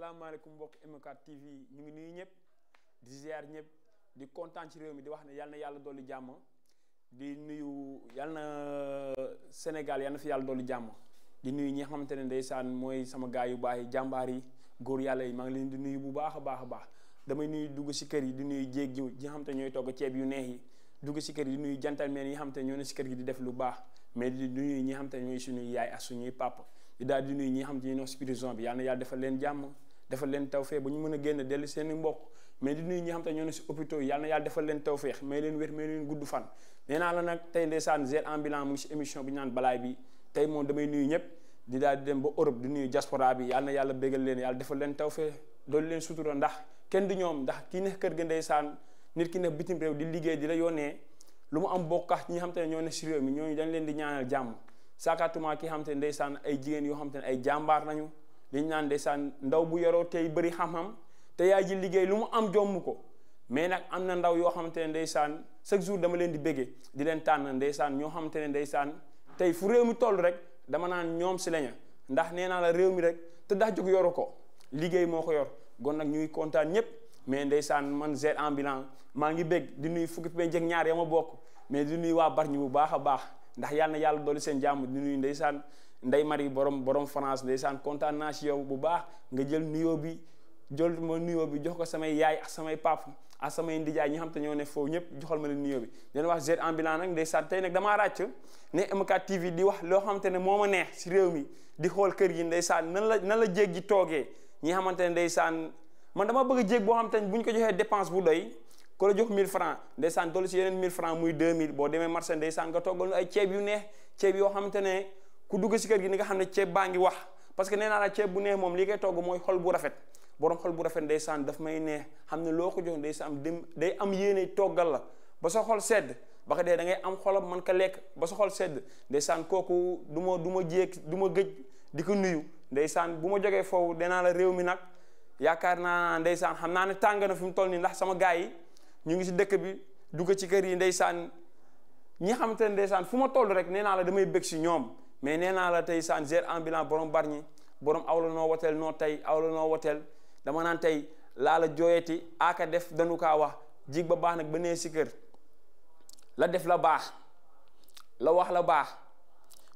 salaamaaleykum mbokk M4 TV ñu ngi nuyu ñëpp di ziar ñëpp di kontaan ci réew mi di wax ne yal na yàlla dolli jàmm di nuyu yal na Sénégal yal na fi jàmm di nuyu ñi nga xamante ne ndeysaan mooy sama gaay yu baax jàmbaar yi góor yàlla yi maa leen di nuyu bu baax baax a baax damay dugg si kër yi di nuyu jéeg ji nga xamante ñooy togg ceeb yu neex yi dugg si yi di nuyu gentleman yi nga xamante ñoo ne si kër gi di def lu baax mais di nuyu ñi nga xamante ne suñuy yaay ak suñuy papa di daal di nuyu ñi nga xamante ñoo si prison bi yàlla na yàlla defal leen jàmm defal leen tawféex ba ñu mën a génn dellu seen i mbokk mais di nuyu ñi xam te ñoo ne si hôpitaux yi yàlla defal leen tawféex may leen wér may leen fan nee naa la tey ndeysaan Zair en bilan mu ngi si émission bi ñu tey moom damay nuyu ñëpp di daal di dem ba Europe di nuyu diaspora bi yàlla yàlla bégal leen yàlla defal leen tawféex doolu leen sutura ndax kenn du ñoom ndax kii nekk kër ga ndeysaan nit ki nekk bitim réew liggéey di la yónnee lu mu am bokkax ñi xam te ñoo ne si réew mi dañ leen di ñaanal jàmm saakaatuma ki xam te ne ndeysaan ay jigéen yoo xam te ne ay jàmbaar nañu liñ naan ndeysaan ndaw bu yoroo tey bëri xam-xam te yaay ji liggéey lu mu am jomm ko mais nag am na ndaw yoo xamante ne ndeysaan chaque jour dama leen di bëggee di leen tànn ndeysaan ñoo xamante ne ndeysaan tey fu réew mi toll rek dama naan ñoom si lañu ndax nee naa la réew mi rek te daa jóg yoru ko liggéey moo ko yor kon nag ñuy kontaan ñëpp mais ndeysaan man ger ambulant maa ngi bég di nuy fukki pe njëg ñaar ya ma bokk mais di nuy waa Bargny bu baax a baax ndax yàlla yàlla dolli seen jàmm di nuy ndeysaan Ndey Mari borom borom France ndeysaan kontaan naa ci yow bu baax nga jël nuyoo bi jël ma nuyoo bi jox ko samay yaay ak samay pap ak samay ndijaay ñi xam te ñoo ne foofu ñëpp joxal ma leen nuyoo bi dina wax Zair en bilan nag ndeysaan tey nag damaa ràcc ne M4 TV di wax loo xamante ne moo ma neex ci réew mi di xool kër gi ndeysaan nan la nan la jéeg ji toogee ñi xamante ne saan man dama bëgg jéeg boo xamante ne bu ñu ko joxee dépense bu doy ko la jox 1000 francs ndeysaan dolli ci yeneen 1000 francs muy 2000 boo demee marché ndeysaan nga toggal ay ceeb yu neex ceeb yoo xamante ne ku dugg si kër gi ni nga xam ne ceeb baa ngi wax parce que nee naa la ceeb bu neex moom li koy togg mooy xol bu rafet borom xol bu rafet ndeysaan daf may neex xam ne loo ko jox ndeysaan am dem day am yéene toggal la ba sa xol sedd ba ko da ngay am xolam mën ko lekk ba sa xol sedd ndeysaan kooku du ma du ma jéeg du ma gëj di ko nuyu ndeysaan bu ma jógee foofu danaa la réew mi nag yaakaar naa ndeysaan xam naa ne tàng na fi mu toll nii ndax sama gaa yi ñu ngi si dëkk bi dugg ci kër yi ndeysaan ñi xamante ne ndeysaan fu ma toll rek nee naa la damay bëgg si ñoom mais nee naa la tey Sanzer ambulant borom barñi borom aw la noo woteel noo tey aw la noo woteel dama naan tey laa la jooyati aaka def dañu kaa wax jig ba baax nag ba nee si kër def la baax la wax la baax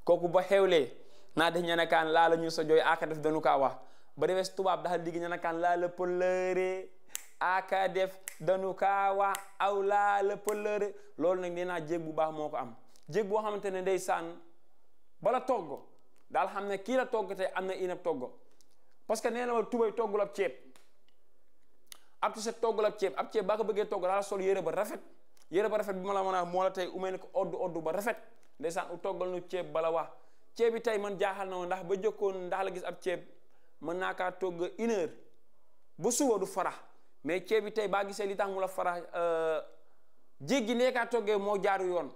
kooku ba xewlee naa def ñanakaan laa la ñu sa jooy aaka def dañu kaa wax ba defee tubaab daxal ligi ñanakaan laa la pëllëre aaka def dañu kaa wax aw laa la pëllëre loolu nag nee naa bu baax moo ko am jéeg boo xamante ne ndeysaan bala togg daal xam ne kii la togg tey am na inab togg parce que nee na ma tubay toggul ab ceeb ab tiset toggul ab ceeb ab ceeb baa bëggee togg daal sol yére ba rafet yére ba rafet bi ma la mën a moo la tey umee ne ko oddu oddu ba toggal nu ceeb bala wax ceeb bi tey man jaaxal na ndax ba jëkkoon ndax gis ab ceeb mën naa kaa togg une heure ba du farax mais ceeb bi tey baa gisee li tax mu la farax euh, jéggi nee kaa toggee moo jaaru yoon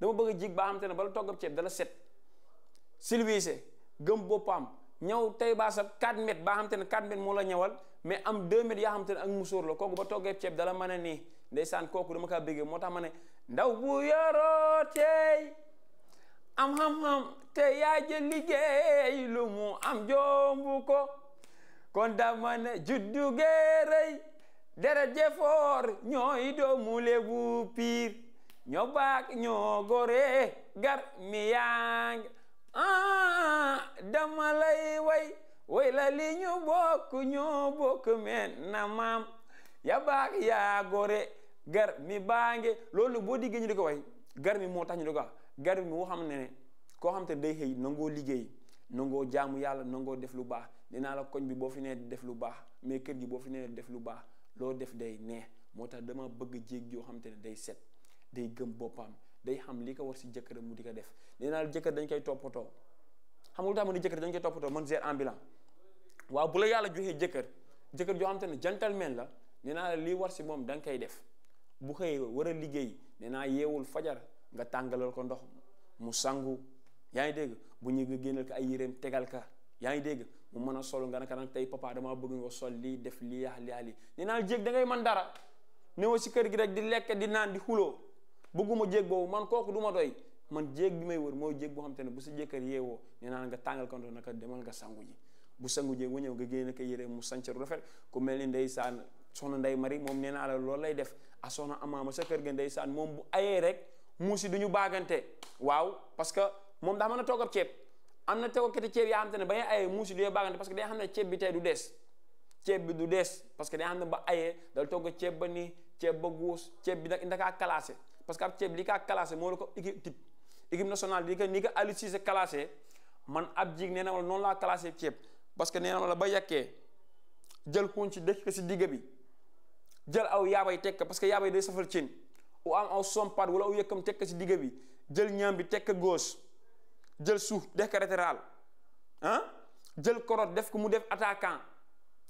dama bëgg jig baa xam ne bala togg ab ceeb dala set silvissé gëm boppam ñëw tey baasab 4 mètres baa xam te ne 4 mètres moo la ñëwal mais am 2 mètres yaa xam te ne ak musóor la kooku ba togge ceeb dala mën a nii ndeysaan kooku dama kaa bëggee moo tax ma ne ndaw bu yoroo tey am xam-xam te yaa jël liggéey lu mu am jombu ko kon dama ne juddu géerëy deret jefoor ñooy doomu Lebu Piir ñoo baak ñoo gore gar mi yang ah dama lay way way la li ñu bokk ñoo bokk men na maam ya baak yaa gore gar mi baange loolu boo diggee ñu di ko way gar mi moo tax ñu di ko wax gar mi moo xam ne ne koo xam te day xëy nangoo liggéey nangoo jaamu yàlla nangoo def lu baax dinaa la koñ bi boo fi nee def lu baax mais kër gi boo fi nee def lu baax loo def day neex moo tax dama bëgg jéeg joo xam te ne day set day gëm boppam day xam li ko war si jëkkëram mu di ko def nee naa jëkkër dañ koy toppatoo xamul tax ma jëkkër dañ koy toppatoo man gère ambulant waaw bu la yàlla joxee jëkkër jëkkër joo xam te ne gentleman la nee naa la war si moom da koy def bu xëyee war a liggéey nee yeewul fajar nga tàngalal ko ndox mu sangu yaa ngi dégg bu ñu nga génnal ay yéreem tegal ka yaa ngi dégg mu mën a sol nga naka tey papa damaa bëgg sol lii def lii yaax lii naa jéeg da ngay mën dara néew si kër gi rek di lekk di naan di xuloo bëgguma jéeg boobu man kooku duma ma doy man jéeg bi may wër mooy jéeg boo xam te ne bu sa jëkkër yeewoo nee naa nga tàngal kanto naka demal nga sangu ji bu sangu jee wañëw nga génn ko yére mu sancaru rafet ku mel ni ndeysaan soxna nday mari moom nee naa la loolu lay def a ah, soxna amaama sa kër ga ndeysaan moom bu ayee rek muusi du ñu baagante waaw parce que moom daa mën toog ceeb am na toogkati ceeb yaa xam te ne ba ngay ayee muusi du parce que day xam ne ceeb bi tey du des ceeb bi du dees parce que day xam ne ba ayee dal togg ceeb ba nii ceeb ba guus ceeb bi nag ndakaa classé parce que ab ceeb li kaa classé moo la ko équipe type équipe nationale bi ni ko Aliou Cissé classé man ab jig nee na ma noonu laa classé ceeb parce que nee na la ba yàkkee jël xuñ ci dëkk si digg bi jël aw yaabay tekk parce que yaabay day safal cin u am aw sompaat wala aw yëkkam tekk si digg bi jël ñaam bi tekk gauche jël suuf def ko latéral jël korot def ko mu def attaquant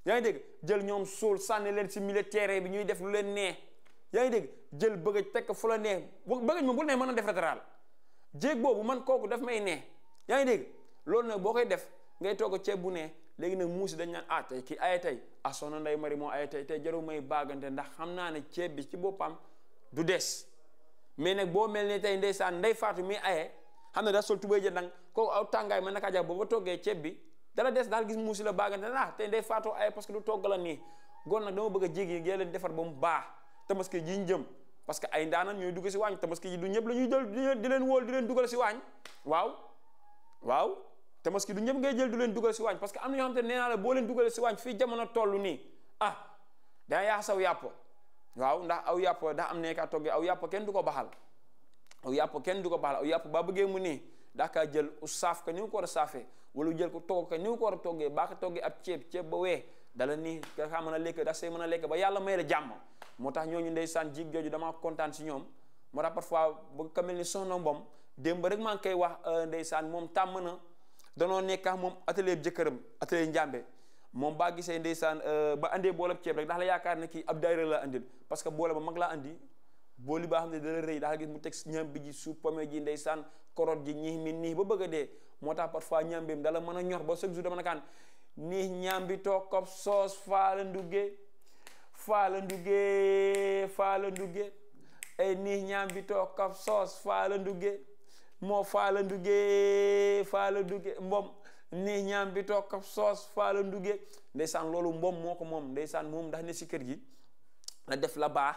yaa ngi dégg jël ñoom suul sànni leen si milieu terrain bi ñuy def lu leen nee yaa ngi dégg jël bëgg a tekk fu la neex bëgg moom bu la neex mën na def latéral jéeg boobu man kooku daf may neex yaa loolu nag boo koy def ngay togg ceeb bu neex léegi nag muusi dañ naan ah tey kii tey ah soxna nday mari moo aye tey tey jaru may baagante ndax xam naa ne ceeb bi ci boppam du des mais nag boo mel ne tey ndeysaan ndey faatu mi aye xam ne daa sol tubay ja dang kooku aw tàngaay mën naka jàpp booba toggee ceeb bi dala des daal gis muusi la baagante ah tey ndey faatoo aye parce que du togg la nii gon nag dama bëgg a jéggi yéen leen defar ba mu baax tabaski ji ñu jëm parce que ay ndaana ñooy dugg si waañ tabaski ji du ñëpp la jël di leen wóol di leen dugal si waañ waaw waaw tabaski du ñëpp ngay jël du leen dugal si waañ parce que am na ñoo xam te nee naa la boo leen dugalee si waañ fii jamono tollu nii ah daa yaa saw yàpp waaw ndax aw yàpp daa am nekk a toggee aw yàpp kenn du ko baxal aw yàpp kenn du ko baxal aw yàpp ba bëggee mu nii daa kaa jël u saaf ka ni nga ko war a saafee wala jël ko togg ka ni nga ko war a toggee baa ko toggee ab ceeb ceeb ba wee dala nii nga kaa mën a lekk daa see mën a lekk ba yàlla may la jàmm moo tax ñooñu ndeysaan jig jooju damaa kontaan si ñoom moo tax parfois bëgg ka mel ni soxna Mbom démb rek maa ngi koy wax euh, ndeysaan moom tàmm na danoo nekk ak moom atelier jëkkëram atelier njàmbe moom baa gisee ndeysaan euh, ba andee boolab ceeb rek dax la yaakaar ne kii ab daayira la andil parce que boole ba mag la andi booli baa xam ne dana rëy dax la gis mu teg ñambi ji suuf pomme ji ndeysaan korot ji ñii mi nii ba bëgg a dee moo tax parfois ñambeem dala mën a ñor ba chaque jour dama nakaan nii ñambi toog kob soos faa la nduggee faala nduge faala nduge ay ni ñambi to kaf soos faala nduge moo faala nduge faala nduge mbom ni ñambi to kaf soos faala nduge ndeysaan loolu mbom moo ko moom ndeysaan moom ndax ne si kër gi la def la baax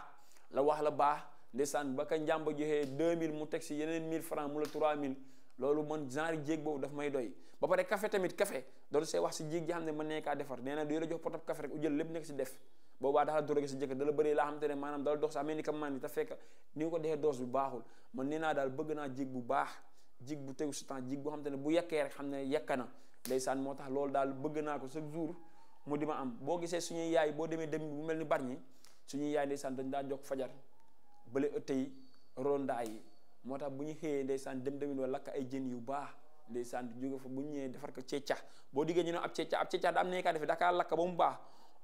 la wax la baax ndeysaan ba ka njàmba joxee 2000 mu teg si yeneen 1000 francs mu la 3000 loolu man genre jéeg boobu daf may doy ba pare café tamit kafe doon see wax si jéeg ji xam ne mën nekkaa defar nee na du la jox potab café rek u jël lépp nekk si def boobaa dax la drogué a jëkkër dala bëri laa xam ne maanaam dala dox sa médicament yi te fekk ni ko defee dose bu baaxul man nee naa daal bëgg naa jig bu baax jig bu tegu si temps jig boo xam ne bu yekkee rek xam ne yekka na ndeysaan moo tax loolu daal bëgg naa ko chaque jour mu di ma am boo gisee suñuy yaay boo demee dem bu mel ni barñi suñuy yaay ndeysaan dañ daa jox fajar bële ëtt yi ronda yi moo tax bu ñu xëyee ndeysaan dem demin wala lakk ay jën yu baax ndeysaan di jóge fa bu ñëwee defar ko ceecax boo diggee ñu ne ab ceecax ab ceecax da am nekkaa defe dakaa lakk ba mu baax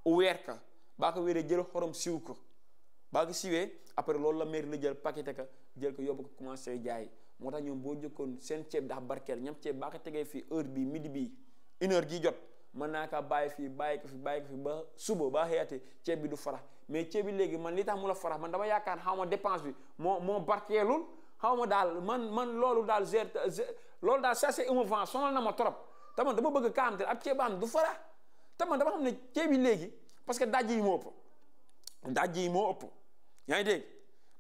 uweer ka baa ko wéree jël xorom siw ko baa ko siwee après loolu la mairie la jël paqueté ka jël ko yóbbu ko commencé jaay moo tax ñoom boo jëkkoon seen ceeb dax barkeel ñam ceeb baa ko tegee fii heure bi midi bi une jot mën naa kaa bàyyi fii bàyyi fi bàyyi ko fi ba suba ba xëyaate ceeb bi du fara mais ceeb bi léegi man li tax mu la farax man dama yaakaar xaw ma dépense bi moo moo barkeelul xaw ma daal man man loolu daal gère loolu daal ça c'est émouvant na ma trop te man dama bëgg kaa am te ab ceeb te man dama xam ne ceeb bi léegi parce que dajj yi moo ëpp dajj yi moo ëpp yaa ngi dégg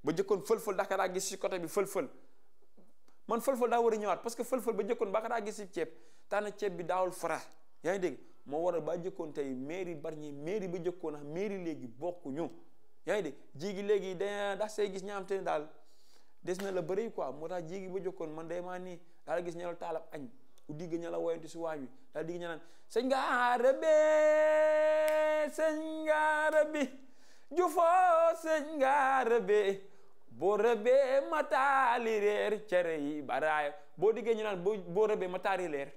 ba jëkkoon fël-fël daa daa gis si côté bi fël-fël man fël-fël daa war a ñëwaat parce que fël-fël ba jëkkoon ba daa gis si ceeb taana ceeb bi daawul fara yaa ngi dégg moo war ba jëkkoon tey mairie Bargny mairie ba jëkkoon ah mairie léegi bokkuñu yaa ngi dégg jigi léegi da daa say gis ña am te ne daal des na la bëri quoi moo tax jigi ba jëkkoon man day maa nii daal gis ña la taalab añ ku digg ña la woyantu si waañ wi daal digg ña naan sëñ gaara be sëñ bi jufoo sëñ gaara be boo rëbee ma taali reer cere yi baraaya boo diggee ñu naan boo rëbee ma taali leer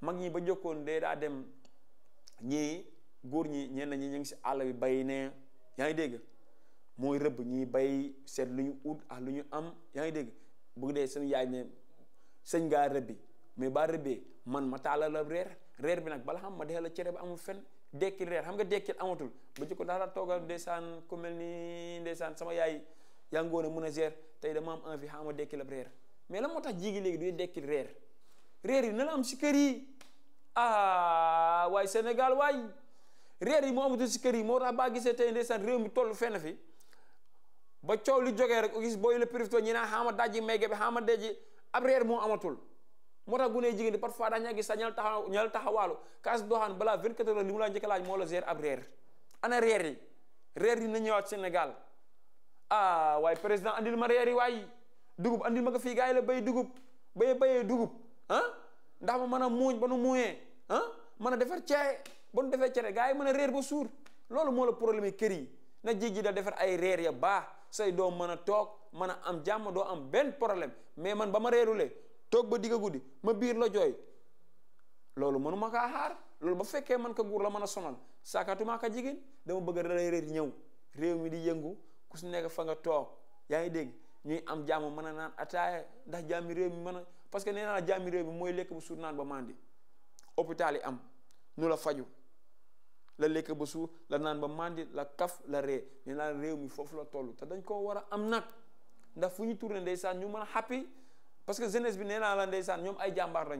mag ñi ba jokkoon dee daa dem ñii góor ñi ñenn ñi ñu ngi si àll bi bay ne yaa ngi dégg mooy rëbb ñii bay seet lu ñu ut ak lu ñu am yaa ngi dégg bu dee seen yaay ne sëñ ngaa rëbbi mais baa rëbbee man ma taalal la reer reer bi nag bala xam ma dee la cere bi amul fen dekkil reer xam nga dekkil amatul ba ci ko daal la toogal ndeysaan ku mel ni ndeysaan sama yaay yaa ngoon a mun a gérer tey dama am envie xaama dekkil ab mais la moo tax jigi léegi duy dekkil reer reer yi na am si kër yi ah waaye Sénégal waay reer yi moo amatul si kër yi moo tax baa gisee tey ndeysaan réew mi toll fenn fi ba coow li jógee rek boo booy la profité ñi naan xaama dajji mege bi xaama dajji ab reer moo amatul moo tax gune jigéen di parfois dax ñaa gis sax ñal taxaw ñal taxawaalu kaas doxaan balaa 24 heures li mu laa njëkk laaj moo la gérer ab reer ana reer yi reer yi na ñëwaat Sénégal ah waaye président andil ma reer yi waay dugub andil ma ko fii gars yi la bay dugub bay bayee dugub ah ndax ma mën a muuñ ba nu muuñee ah mën a defar cere ba nu defee cere gars yi mën a reer ba suur loolu moo la problème yi kër yi na jigi da defar ay reer ya baax say doo mën a toog mën a am jàmm doo am benn problème mais man ba ma reerulee toog ba digg guddi ma biir la jooy loolu mënuma kaa xaar loolu ba fekkee man ka guur la mën a sonal saakatuma ka jigéen dama bëgg dalay réer ñëw réew mi di yëngu ku si nekk fa nga toog yaa ngi dégg ñuy am jàmm mën a naan ataaya ndax jàmmi réew mi mën a parce que nee naa jàmmi réew mooy lekk bu suur naan ba mandi hôpital yi am nu la faju la lekk ba suur la naan ba màndi la kaf la ree nee naa réew mi foofu la toll te dañ koo war a am nag ndax fu ñu tourné ndeysaan ñu mën a happy parce que jeunesse bi nee naa la ndeysaan ñoom ay jàmbaar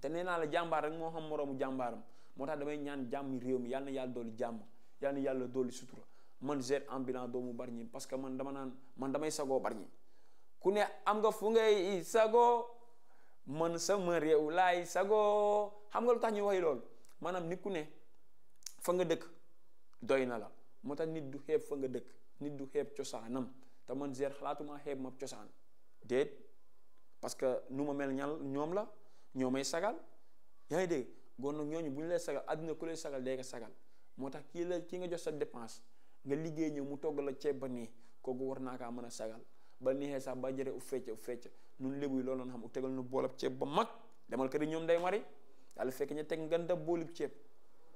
te nee naa la jàmbaar rek moo xam moroomu jàmbaaram moo tax damay ñaan jàmm réew mi yàlla doolu yàlla dooli yàlla na yàlla dooli sutura man gère ambulant doomu bari ñi parce que man dama naan man damay sagoo bari ñi ku ne am nga fu ngay sagoo man sama réew laay sagoo xam nga lu tax ñu waxi loolu maanaam nit ku ne fa nga dëkk doy na la moo tax nit du xeeb fa nga dëkk nit du xeeb cosaanam te man gère xalaatuma xeeb ma cosaan déet parce que nu ma mel ñal ñoom la ñoo may sagal yaa ngi dégg gon nag ñooñu bu ñu lay sagal àdduna ku lay sagal day sagal moo tax kii la kii nga jox sa dépense nga liggéey ñëw mu togg la ceeb ba nii kooku war naa mën a sagal ba neexee sax ba jëre u fecc u fecc nun lébu yi loolu noonu xam u tegal nu boolab ceeb ba mag demal kër yi ñoom day mari yàlla fekk ñu teg ngan da boolib ceeb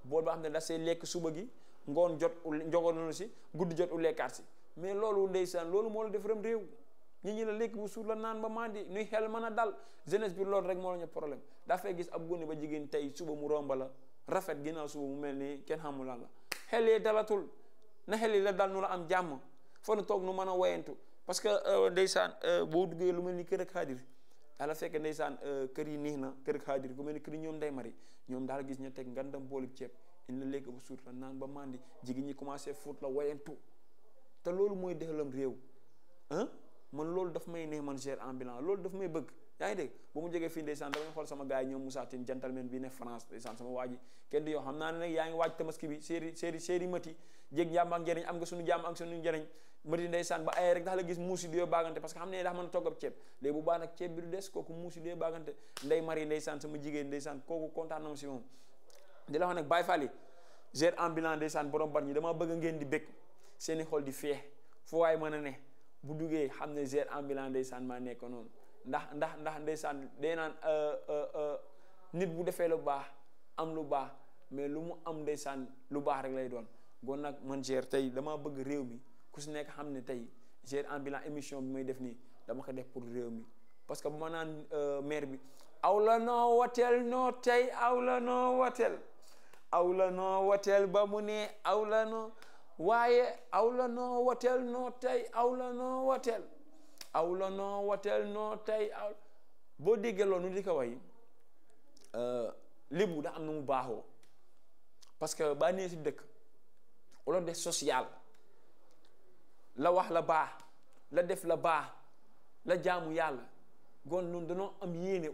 bool ba xam ne da see lekk suba gi ngoon jot u njogoonunu si guddi jot u lekkaat si mais loolu ndeysaan loolu moo la def rem réew ñi ñi la lekk bu suur la naan ba mandi nuy xel mën a dal jeunesse bi loolu rek moo la problème dafay gis ab ba jigéen tey suba mu romba la rafet ginnaaw suba mu mel ni kenn xamul xel yi dalatul na xel yi la dal nu am jàmm fa nu toog nu mën a woyantu parce que euh, ndeysaan euh, boo duggee lu mel ni kër ak xaadir yàlla fekk ndeysaan euh, kër yi neex na kër ak xaadir mel ni kër ñoom nday mari ñoom daal gis ña teg ngandam boolig ceeb indi la lekk bu suur la naan ba mandi jigéen ñi commencé fóot la woyantu te loolu mooy dexalam réew ah man loolu daf may ne man gère en bilan loolu dafa may bëgg yaa ngi dégg bu mu jógee fii ndeysaan damay xool sama gars yi ñoom Moussa Tine gentleman bi ne France ndeysaan sama waa ji kenn di yow xam naa ne nag yaa ngi dax la a togg ab ceeb léegi bu baax nag ceeb bi du des kooku muusi di yoo baagante ndey mari ndeysaan sama jigéen ndeysaan kooku kontaan na si moom di la wax nag Baye Fall yi gère en bilan ndeysaan borom ñi dama bëgg ngeen di bëgg seeni xol di feex waay mën a ne bu duggee xam ne gère ambulant ndeysaan maa nekk noonu ndax ndax ndax ndeysaan day naan euh, euh, euh, nit bu defee lu baax am lu baax mais lu mu am ndeysaan lu baax rek lay doon kon nag man ger tey damaa bëgg réew mi ku si nekk xam ne tey gère ambulant émission bi may def nii dama ko def pour réew mi parce que bu ma naan maire bi aw la noo wateel noo tey aw la noo wateel aw la noo wateel ba mu ne aw la noo waaye aw la noo woteel noo tey aw la noo woteel aw la noo woteel noo tey boo déggee loolu di ko way euh, lébu da am na mu baaxoo parce que baa nee si dëkk wala def social la wax la baax la def la baax la jaamu yàlla gon noonu danoo am yéene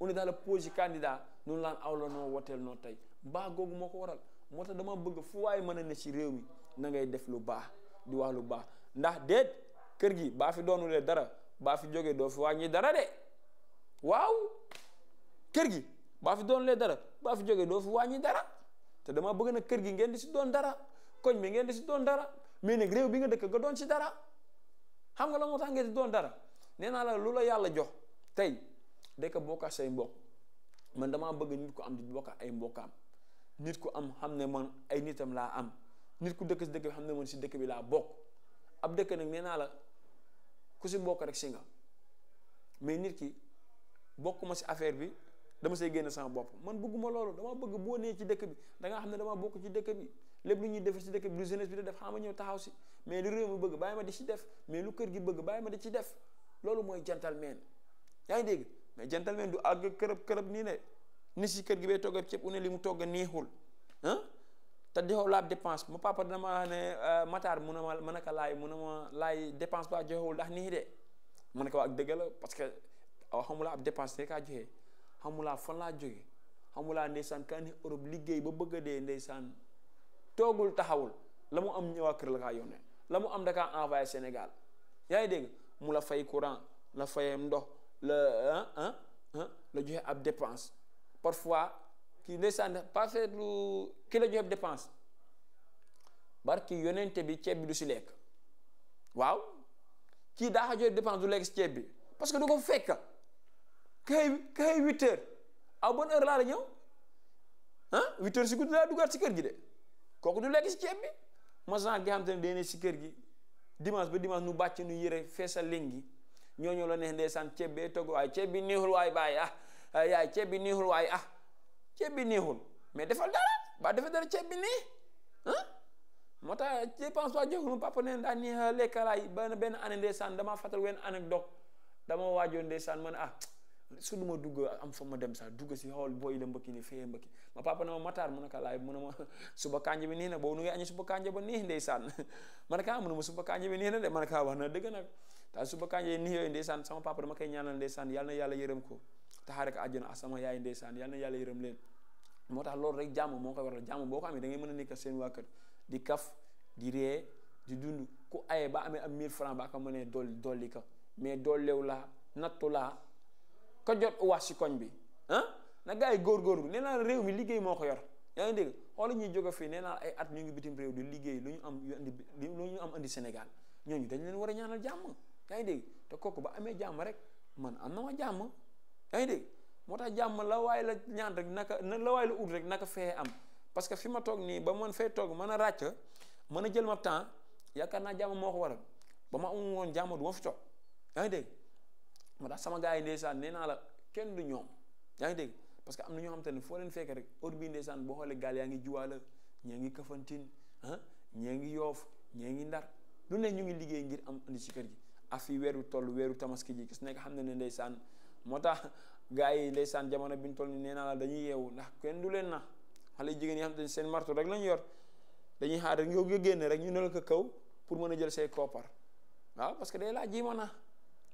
on est dans le projet candidat noonu laan aw la noo woteel noo tey mbaa googu moo ko waral moo tax dama bëgg fu waay mën a ne ci réew mi na ngay def lu baax di wax lu baax ndax déet kër gi baa fi doonulee dara baa fi jógee doo fi wàññi dara de waaw kër gi baa fi doonulee dara baa fi jógee doo fi wàññi dara te dama bëgg na kër gi ngeen di si doon dara koñ bi ngeen di si doon dara mais nag réew bi nga dëkk nga doon si dara xam nga la moo doon dara nee naa la lu la yàlla jox tey dëkk bokk say mbokk man dama bëgg nit ko am di bokk ay mbokkaam nit ko am xam ne man ay nitam laa am nit ku dëkk si dëkk bi xam ne man si dëkk bi laa bokk ab dëkk nag nee la ku si bokk rek si nga mais nit ki bokkuma si affaire bi dama see génn sama bopp man bëgguma loolu dama bëgg boo nee ci dëkk bi da nga xam ne dama bokk ci dëkk bi lépp lu ñuy defar si dëkk bi lu jeunesse bi di def xam ma ñëw taxaw si mais lu réew mi bëgg baay ma di si def mais lu kër gi bëgg baay ma di ci def loolu mooy gentleman yaa ngi dégg mais gentleman du àgg kërëb kërëb nii ne ni si kër gi bay togg ceeb une li mu togg neexul ah te joxewul laa dépense ma papa dina euh, ma ne Matar mun na ma mën a laay mun na ma laay dépense ba joxewul ndax nii de ma ne ko ak dëgg la parce que xamulaa ab dépence ne joxe xamulaa fan laa jóge xamulaa ndeysaan kaa ne liggéey ba bëgg a dee ndeysaan toogul taxawul la mu am ñëwaa kër la la mu am da envoyé Sénégal yaa ngi dégg mu la fay courant la ndox la la joxe ab parfois. kii ndeysaan pas faire lu ki la joxe dépense barki yonente bi ceeb bi du si lekk waaw kii daa xa joxe dépense du lekk si ceeb bi parce que du ko fekk kay kay huit heures à bonne heure laa la ñëw ah huit si guddi laa duggaat si kër gi de kooku du lekk si ceeb bi masan gi xam te ne day ne si kër gi dimanche ba dimanche nu bàcc nu yëre feesal leen gi ñoo la neex ndeysaan ceeb bee togg waaye ceeb bi neexul waay bàyyi ah yaay ceeb bi neexul waay ah ceeb bi neexul mais defal dara ba defal dara ceeb bi neex ah moo tax ceeb François Diakhoune papa neen daa neex lekkalaay benn benn année ndeysaan damaa fàttal wenn anecdote waajoon ndeysaan man ah su ma dugg am fa ma dem sax dugg si xool booy la mbëkki fee mbëkki ma papa ma mataar mu ne ko laay mu ma suba kànja bi nii nag boobu nu ngay añu suba kànja ba nii ndeysaan ma ne ka mu a ma suba kànja bi nii na de ma a ka ah, wax na dëgg nag te suba kànja nii yooyu ndeysaan sama papa dama koy ñaanal ndeysaan yàlla na yàlla yërëm ko taxaare ko àjjana a ah, sama yaay ndeysaan yal na yàlla yërëm leen moo tax loolu rek jàmm moo koy waral jàmm boo ko amee da ngay mën a nekk seen waa kër di kaf di di dund ku aye ba amee am 1000 francs ba ko mënee dolli dolli ko mais dolleew laa nattu laa ko jot wax si koñ bi ah na gars yi góorgóorlu nee naa réew mi liggéey moo ko yor yaa ngi dégg ñuy jóge fii nee naa ay at ñu ngi bitim réew di liggéey lu ñu am andi lu ñu am andi Sénégal ñooñu dañ leen war a ñaanal jàmm yaa ngi dégg ba amee jàmm rek man am na ma jàmm yaa ngi dégg moo tax jàmm la waay la ñaan rek naka la waay la ut rek naka fee am parce que fi ma toog nii ba man fee toog mën a ràcc mën a jël ma temps yaakaar naa jàmm moo ko war a ba ma amul woon jàmm du ma fi toog yaa ngi tax sama gars yi ndeysaan nee naa la kenn du ñoom yaa ngi parce que am na ñoo xam te foo leen fekk rek heure bii ndeysaan boo xoolee gaal yaa ngi juwaala ñee ngi kafantin ah ñee ngi yoof ñee ngi ndar lu ne ñu ngi liggéey ngir am andi si kër gi af yi weeru toll weeru tamaski ji gis nekk xam ne ne ndeysaan moo tax gars yi ndeysaan jamono bi toll nii nee naa dañuy yeewu ndax kenn du leen na xale jigéen yi seen martu rek lañu yor dañuy xaar rek yow nga génn rek ñu ne la ko kaw pour mën a jël say koppar waaw parce que day laa jiima na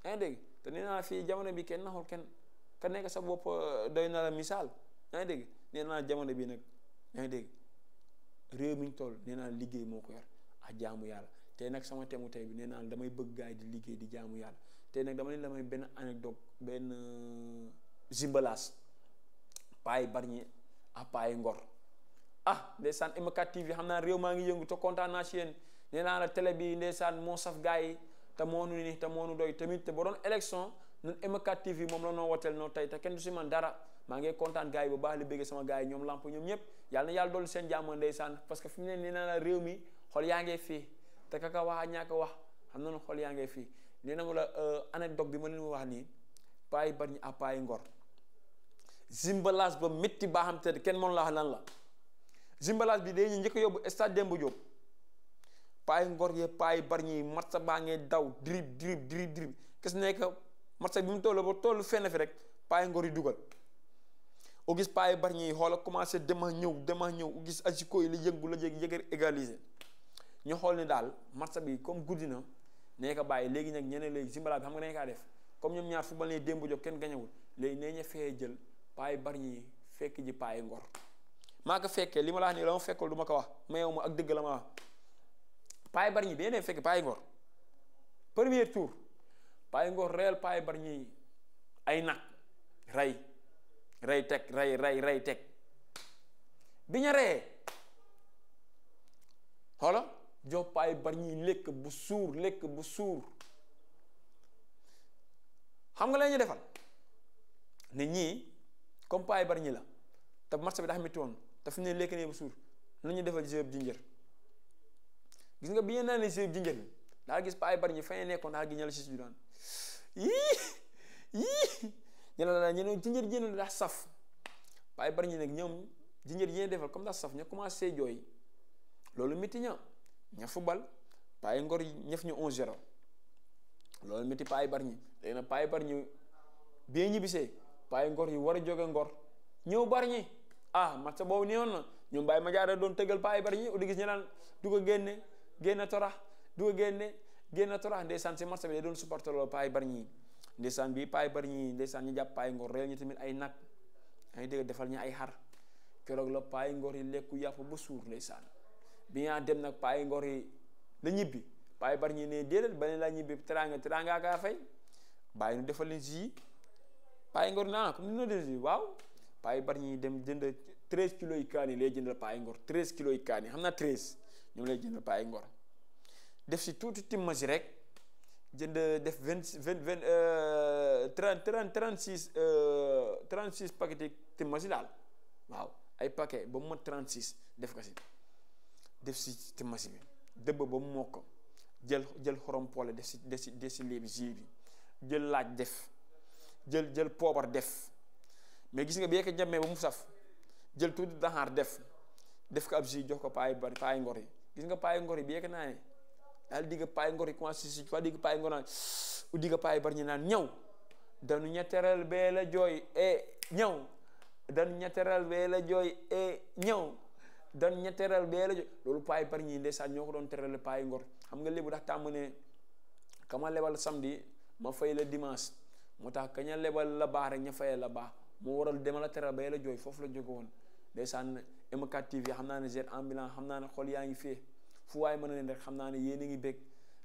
yaa te nee naa fii jamono bi kenn naxul kenn ka nekk sa bopp euh, doy na la misaal yaa ngi naa jamono bi nag yaa ngi dégg ñu toll nee naa liggéey moo ko yor ak jaamu yàlla te nag sama temu tey bi nee naa damay bëgg gaa yi di liggéey di jaamu yàlla te nag dama leen la may benn anecdote benn euh, zimbalaas paay barñi ah paay ngor ah ndeysaan M4 TV xam naa réew maa ngi yëngu te kontaan naa si yéen nee naa la tele bi ndeysaan moo saf gars yi te moo nu ni te moo nu doy tamit te ba doon élection ñun M4 TV moom la noo woteel noo tey te kenn du si man dara maa ngi kontaan gaa yi bu baax li bëggee sama gars yi ñoom lamp ñoom ñëpp yàlla na yàlla dolli seen jàmm ndeysaan parce que fi mu ne nee naa la réew mi fii te kaka wax ak ñaaka wax xam nañu xol yaa ngee fii nee na wala anecdote bi ma leen wax nii payi bari ñu àppayi ngor zimbalage ba metti baa te kenn mënu la wax la zimbalage bi dañuy njëkk yóbbu stade Demba Diop payi ngor yee payi bari ñuy matsa baa ngee daw drib drib drib gis kes nekk matsa bi mu toll ba toll fenn fi rek payi ngor yi dugal u gis payi bari ñuy xoola commencé dema ñëw dema ñëw u gis ajiko yi la yëngu la jég yëgër égalise ñu xool ni daal matsa bi comme guddi na nañ bàyyi léegi nag ñeneen léegi Zimbala bi xam nga nañ kaa def comme ñoom ñaar football nañ démb jóg kenn gañewul léegi nañ ña fee jël paay bari ñi fekk ji paay ngor maa ko fekkee li ma la wax nii la ma fekkul du ma ko wax mayow ma ak dëgg la ma wax paay bari ñi bee nee fekk paay ngor premier tour paay ngor réel paay bari ñi ay nag rey rey teg rey rey rey teg bi ñu reyee xoolal joppaay bari ñuy lekk bu suur lekk bu suur xam nga la ñuy defar ne ñii comme paay bari ñi la te marché bi daa xamante woon te fi ne lekk ne bu suur lu ñu defal jus jinjër gis nga bi ñu naan jus jinjër bi daa gis paay bari ñi fa nekkoon daa gis ña la si daan ñu ne la ñu jinjër jën daa saf paay bari ñi nag ñoom jinjër jën defal comme daa saf ñu commencé jooy loolu métti ña ña fubal paay ngor ñëf ñu 11 0 loolu métti paay bar ñi léegi paay bari ñi bee ñibbisee paay ngor yi war a jóge ngor ñëw bari ñi ah match boobu néewoon na ñoom Baye Madiara doon tëggal paay bar ñi udi gis ñu naan du ko génne génne torax du ko génne génne torax ndeysaan si match bi day doon supporter loolu paay bar ñi ndeysaan bii paay bari ñi ndeysaan ñu jàpp paay ngor réew ñu tamit ay nag ay dégg defal ñu ay xar keroog la paay ngor yi lekku yàpp ba suur ndeysaan bi nga dem nag paay yi ngor yi la ñibbi paa yi bari ñu ne déedéet ba ne laa ñibbi teraanga teraanga kaa fay bàyyi nu defal leen jus paa yi ngor naa comme ni ñu doon jus waaw paa yi bari ñuy dem jënd treize kilos yi kaani lay jënd paa yi ngor treize kilos yi kaani xam naa treize ñoom lay jënd paa ngor def si tuuti timma si rek jënd def vingt vingt vingt euh, trente trente trente six euh, trente six paquet timma si daal waaw ay paquet ba mu mat trente six def ko si. def si ci masi bi dëbb ba mu mokk jël jël xorom poole def si def si def si léeb jus bi jël laaj def jël jël poobar def mais gis nga bi yekk njamee ba mu saf jël tuuti daxaar def def ko ab jus jox ko paay bari paay ngor yi gis nga paay ngor yi bi yekk naa ne daal digg paay ngor yi commencé si waa digg paay ngor naan u digg paay bari ñu naan ñëw danu ñetteral bee la jooy e ñëw danu ñetteral bee la jooy e ñëw dan ña teral bee la jo loolu paa yi par ñii ndeysaan ñoo ko doon terale paa paay ngor xam nga lébu dax tàmm ne kama lebal samedi ma fay la dimanche moo tax kaña lebal la baax rek ña fayee la baax moo waral dema la teral bee la jooy foofu la jóge woon ndeysaan M4 TV xam naa ne jet ambulance xam naa ne xol yaa ngi fee fu waay mën a leen rek xam naa ne yéen a ngi bég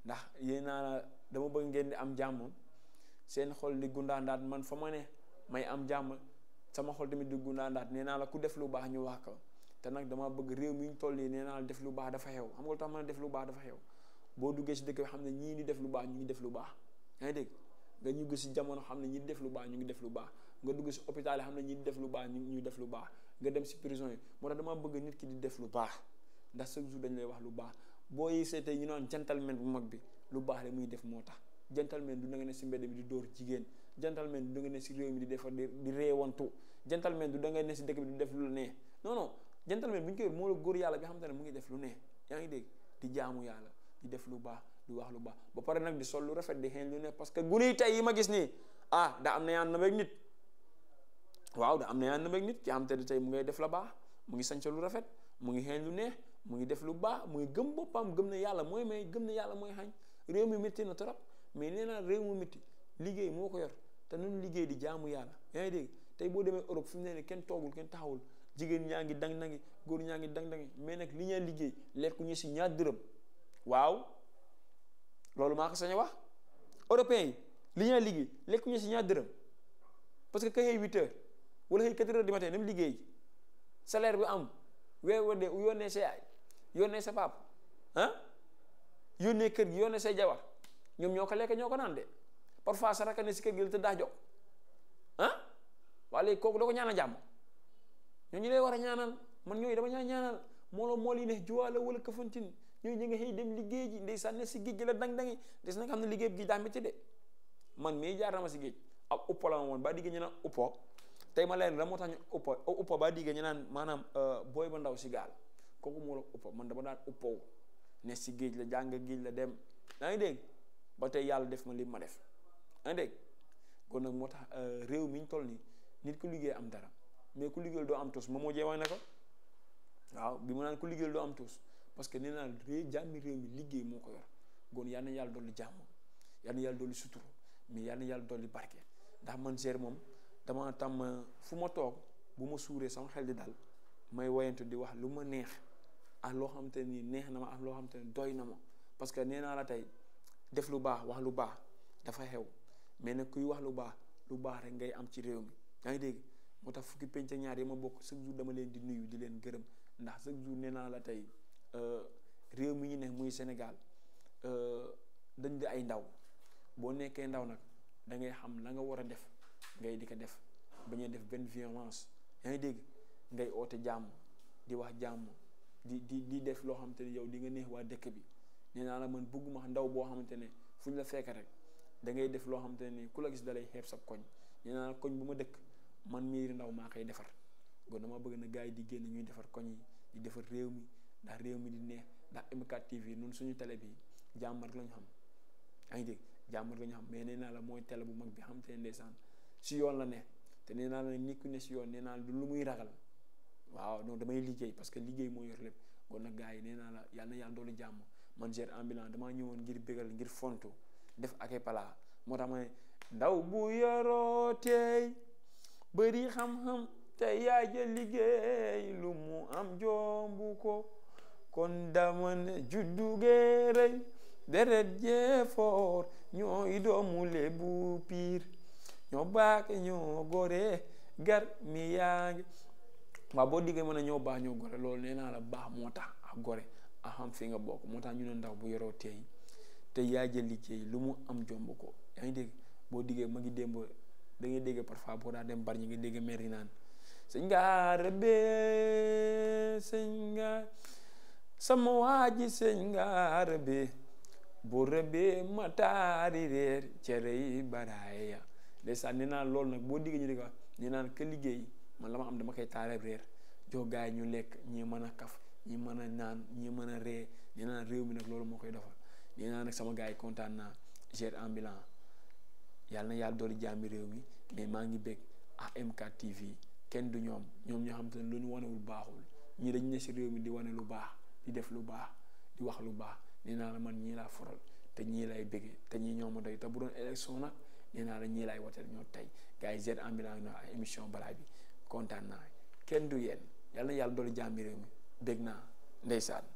ndax yéen naa dama bëgg ngeen di am jàmm seen xol di gundaandaat man fa ma ne may am jàmm sama xol tamit di nee naa la ku def lu baax ñu wax ko te nag damaa bëgg réew mi ñu toll nii nee naa def lu baax dafa xew xam nga lu tax mën def lu baax dafa xew boo duggee si dëkk bi xam ne ñii di def lu baax ñu ngi def lu baax yaa ngi dégg nga ñu si jamono xam ne ñi def lu baax ñu ngi def lu baax nga dugg si hôpital yi xam ne ñi def lu baax ñu ñuy def lu baax nga dem si prison yi moo tax dama bëgg nit ki di def lu baax ndax chaque jour dañu lay wax lu baax boo yi seetee ñu naan gentleman bu mag bi lu baax la muy def moo tax gentleman du na nga ne si mbedd mi di dóor jigéen gentleman du da nga ne si réew mi di defar di reewantu gentleman du da nga ne si dëkk bi di def lu la nee non gentleman bu ñu koy moo la góor yàlla bi xam te mu ngi def lu ne yaa ngi dégg di jaamu yàlla di def lu baax di wax lu baax ba pare nag di sol lu rafet di xeen lu ne parce que gune tey yi ma gis nii ah da am na yaa nabeeg nit waaw da am na yaa nabeeg nit ki xam tey mu ngay def la baax mu ngi sanca lu rafet mu ngi xeen lu neex mu ngi def lu baax mu ngi gëm boppam gëm na yàlla mooy may gëm na yàlla mooy xañ réew mi métti na trop mais nee réew mu métti liggéey moo ko yor te nun liggéey di jaamu yàlla yaa ngi dégg tey boo demee Europe fi mu ne nii kenn toogul kenn taxawul jigéen ñaa ngi dang dangi góor ñaa ngi dang dangi mais nag li ñaa liggéey lekk ñu si ñaar dërëm waaw loolu maa ko sañ wax européens yi li ñaa liggéey lekk ñu si ñaar dërëm parce que ka xëy huit heures wala xëy quatre heures du matin liggéey ji salaire bi am weer wa dee yónnee sa yaay yónnee sa pap ah yónnee kër gi yónnee say jabar ñoom ñoo ko lekk ñoo ko naan de parfois sa rakk ne si kër gi la te daa jox ah waa léegi kooku doo ko ñaan a jàmm ñu lay war a ñaanal man ñooyu dama ñaa ñaanal mooloo moo yi ne juwaala wala Kafountine ñooyu ñi nga xëy dem liggéey ji ndeysaan ne si géej gi la dang-dangi des na nga xam liggéey gi daa métti de man mii jaar ma si géej ab uppo la ma woon uppo tey ma leen la moo tax uppo uppo baa diggée ñu naan maanaam euh, booy ba ndaw si gaal kooku moo la uppo man dama daan uppow ne si géej la jàng géej la dem yaa ngi dégg ba tey yàlla def ma li ma def yaa dégg kon nag moo tax euh, réew mi ñu toll nii nit ku liggéey am dara mais ku liggéeyul doo am tus moom moo jeewoon ne ko waaw bi mu naan ku liggéeyul doo am tus parce que nee naa réew réew mi liggéey moo ko yor goon yal na yàlla dolli jàmm yal na yàlla dolli suturu mais yal na yàlla dolli barke ndax man seer moom dama tàmm fu ma toog bu ma suuree sama xel di dal may woyantu di wax lu ma neex ah loo xam te neex na ma ah loo xam te doy na ma parce que nee naa la tey def lu baax wax lu baax dafa xew mais nag kuy wax lu baax lu baax rek ngay am ci réew mi yaa ngi dégg moo tax fukki penc ak ñaar yi ma bokk chaque jour dama leen di nuyu di leen gërëm ndax chaque jour nee naa la tey euh, réew mi ñu ne muy Sénégal euh, dañ di ay ndaw boo nekkee ndaw nag da ngay xam la nga war a def ngay di ko def bañ def benn violence yaa ngi dégg ngay oote jàmm di wax jàmm di di di def loo xamante ne yow di nga neex waa dëkk bi nee naa la man bëgguma ndaw boo xamante ne fu ñu la fekk rek da ngay def loo xamante ne ku la gis dalay xeeb sa koñ nee naa la bu ma dëkk man mii ndaw maa koy defar kon dama bëgg na gars yi di génn ñuy defar koñ yi di defar réew mi ndax réew mi di neex ndax M4 TV nun suñu télé bi jàmm la ñu xam yaa ngi dégg jàmm rek la xam mais nee naa la mooy télé bu mag bi xam te ne ndeysaan si yoon la ne te nee naa la nit si yoon nee naa la lu muy ragal waaw non damay liggéey parce que liggéey moo yor lépp kon nag gars yi nee naa la yàlla na doolu jàmm man gère ambulant damaa ñëwoon ngir bégal ngir fontu def ak ay palaa moo tax ma ne ndaw bu yoroo bëri xam-xam te yaaja liggéey lu mu am jombu ko kon daman juddu géerëy deret jee foor ñooy doomu lebu piir ñoo baak ñoo gore gar mi yaa ngi waaw boo diggee mën a ñoo baax ñoo gore loolu nee naa la baax moo tax ak gore a xam fi nga bokk moo tax ñu ne ndax bu yoroo teey te yaay ja liggéey lu mu am jomb ko yaa ngi dégg boo diggee ma ngi démb da ngay dégg parfois boo daa dem bar ñu ngi dégg maire yi naan sëñ nga rëbee sëñ nga sama waa ji sëñ nga rëbee bu rëbee ma taari reer cere yi baraay ya ndeysaan nee loolu nag boo diggee ñu di ko nee naan ka liggéey man la ma am dama koy taareb reer jox gaay ñu lekk ñi mën a kaf ñi mën a naan ñi mën a ree nee réew mi nag loolu moo koy defar nee nag sama gaay yi kontaan naa gère ambulant yàlla na yàlla dooli jàmmi réew mi mais maa ngi bég AMK TV kenn du ñoom ñoom ñoo xam te ne lu ñu wanewul baaxul ñii dañ ne si réew mi di wane lu baax di def lu baax di wax lu baax nee naa la man ñii laa foral te ñii lay béggee te ñii ñoo ma doy te bu doon élection nag nee naa la ñii lay woteel ñoo tey gars yi Z en Bilan ay émission balaa bi kontaan naa kenn du yéen yàlla na yàlla doolu jàmmi réew mi bég naa ndeysaan